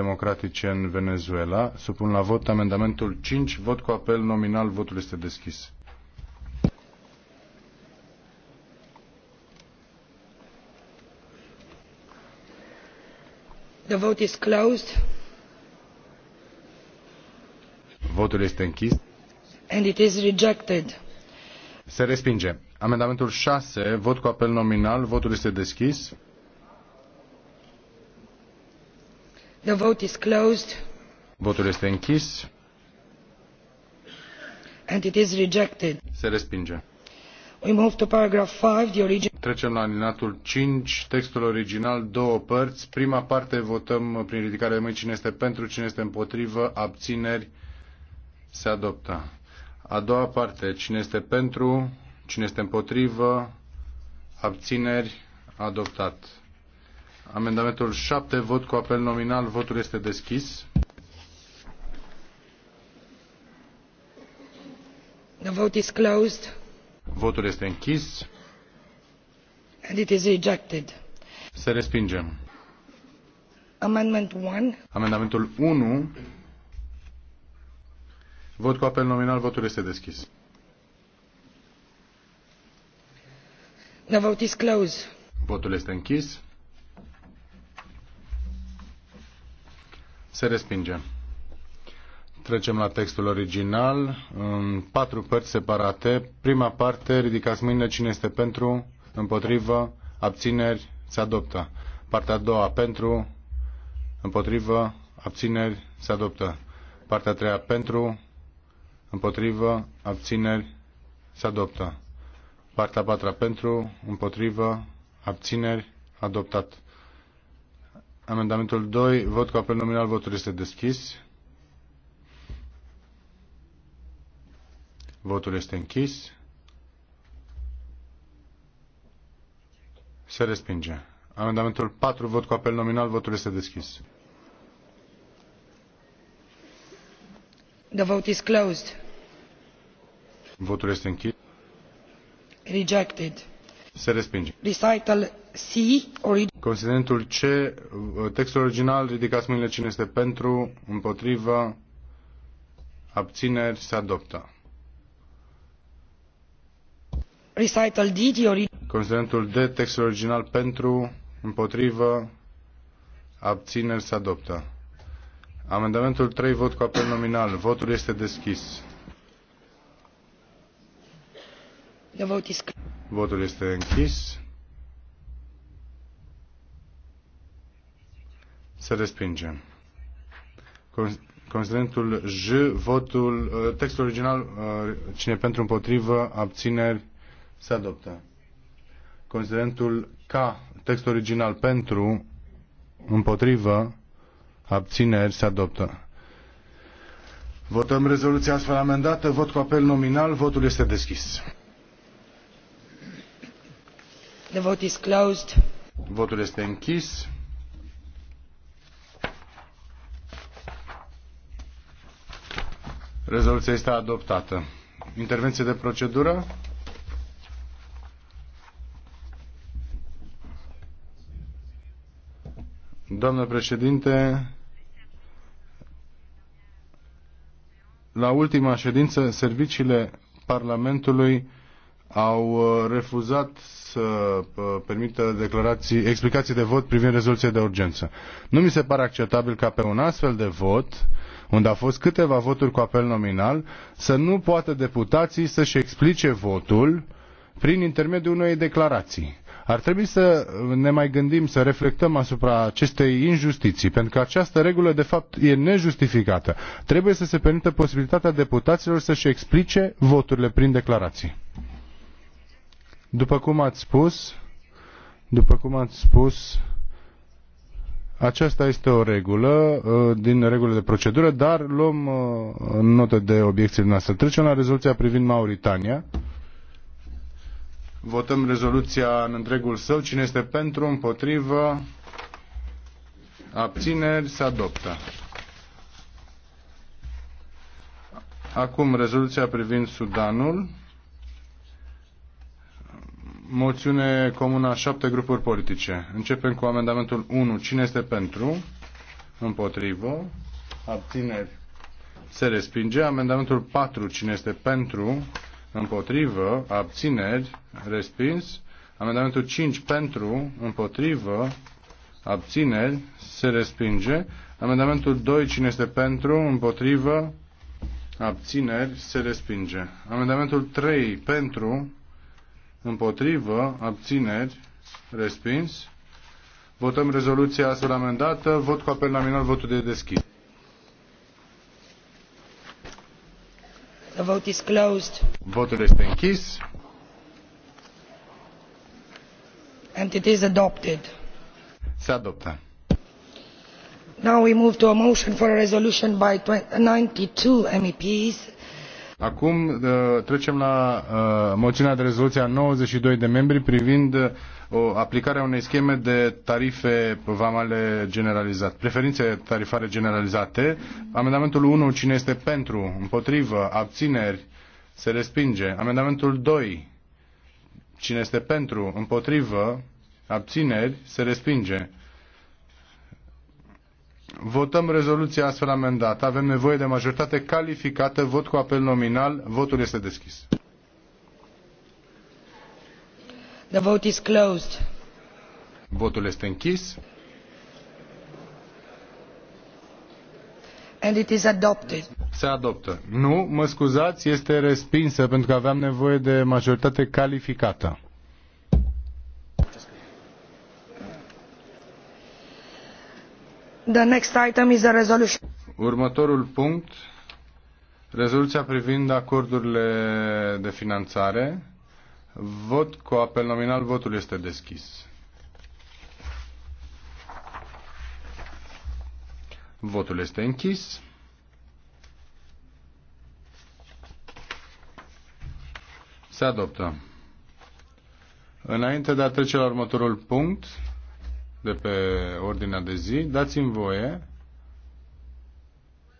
democratice în Venezuela. Supun la vot amendamentul 5, vot cu apel nominal, votul este deschis. The vote is closed. Votul este închis. And it is rejected. Se respinge. Amendamentul 6, vot cu apel nominal, votul este deschis. Votul este închis. And it is rejected. Se respinge. We move to paragraph the origin... Trecem la alinatul 5, textul original, două părți. Prima parte votăm prin ridicare de mâini cine este pentru, cine este împotrivă, abțineri, se adoptă. A doua parte, cine este pentru, cine este împotrivă, abțineri, adoptat. Amendamentul 7, vot cu apel nominal, votul este deschis. The vote is closed. Votul este închis. And it is rejected. Se respinge. Amendment 1. Amendamentul 1. Vot cu apel nominal, votul este deschis. The vote is closed. Votul este închis. Se respinge. Trecem la textul original, în patru părți separate. Prima parte, ridicați mâinile cine este pentru, împotrivă, abțineri, se adoptă. Partea a doua, pentru, împotrivă, abțineri, se adoptă. Partea a treia, pentru, împotrivă, abțineri, se adoptă. Partea a patra, pentru, împotrivă, abțineri, adoptat. Amendamentul 2, vot cu apel nominal, votul este deschis. Votul este închis. Se respinge. Amendamentul 4, vot cu apel nominal, votul este deschis. The vote is closed. Votul este închis. Rejected se respinge. Recital C. Considerentul C, textul original, ridicați mâinile cine este pentru, împotrivă, abțineri, se adoptă. Recital D. Considerentul D, textul original, pentru, împotrivă, abțineri, se adoptă. Amendamentul 3, vot cu apel nominal. Votul este deschis. Votul este închis. Se respinge. Considerentul J, votul, uh, textul original, uh, cine pentru împotrivă, abțineri, se adoptă. Considerentul K, textul original pentru împotrivă, abțineri, se adoptă. Votăm rezoluția astfel amendată, vot cu apel nominal, votul este deschis. The vote is closed. Votul este închis. Rezoluția este adoptată. Intervenție de procedură? Doamnă președinte, la ultima ședință, serviciile Parlamentului au uh, refuzat să uh, permită declarații, explicații de vot privind rezoluția de urgență. Nu mi se pare acceptabil ca pe un astfel de vot, unde a fost câteva voturi cu apel nominal, să nu poată deputații să-și explice votul prin intermediul unei declarații. Ar trebui să ne mai gândim, să reflectăm asupra acestei injustiții, pentru că această regulă, de fapt, e nejustificată. Trebuie să se permită posibilitatea deputaților să-și explice voturile prin declarații. După cum ați spus, după cum ați spus, aceasta este o regulă uh, din regulile de procedură, dar luăm uh, notă de obiecțiile noastre. Trecem la rezoluția privind Mauritania. Votăm rezoluția în întregul său. Cine este pentru, împotrivă, abțineri, se adoptă. Acum rezoluția privind Sudanul. Moțiune comună a șapte grupuri politice. Începem cu amendamentul 1. Cine este pentru? Împotrivă. Abțineri. Se respinge. Amendamentul 4. Cine este pentru? Împotrivă. Abțineri. Respins. Amendamentul 5. Pentru. Împotrivă. Abțineri. Se respinge. Amendamentul 2. Cine este pentru? Împotrivă. Abțineri. Se respinge. Amendamentul 3. Pentru împotrivă, abțineri, respins. Votăm rezoluția astfel amendată, vot cu apel nominal, votul de deschis. The vote is closed. Votul este închis. And it is adopted. Se adoptă. Now we move to a motion for a resolution by 92 MEPs Acum uh, trecem la uh, moțiunea de rezoluție a 92 de membri privind uh, aplicarea unei scheme de tarife vamale generalizate, preferințe tarifare generalizate. Amendamentul 1, cine este pentru, împotrivă, abțineri, se respinge. Amendamentul 2, cine este pentru, împotrivă, abțineri, se respinge. Votăm rezoluția astfel amendată. Avem nevoie de majoritate calificată. Vot cu apel nominal. Votul este deschis. The vote is closed. Votul este închis. And it is adopted. Se adoptă. Nu, mă scuzați, este respinsă pentru că aveam nevoie de majoritate calificată. Următorul punct, rezoluția privind acordurile de finanțare. Vot cu apel nominal, votul este deschis. Votul este închis. Se adoptă. Înainte de a trece la următorul punct, de pe ordinea de zi. Dați-mi voie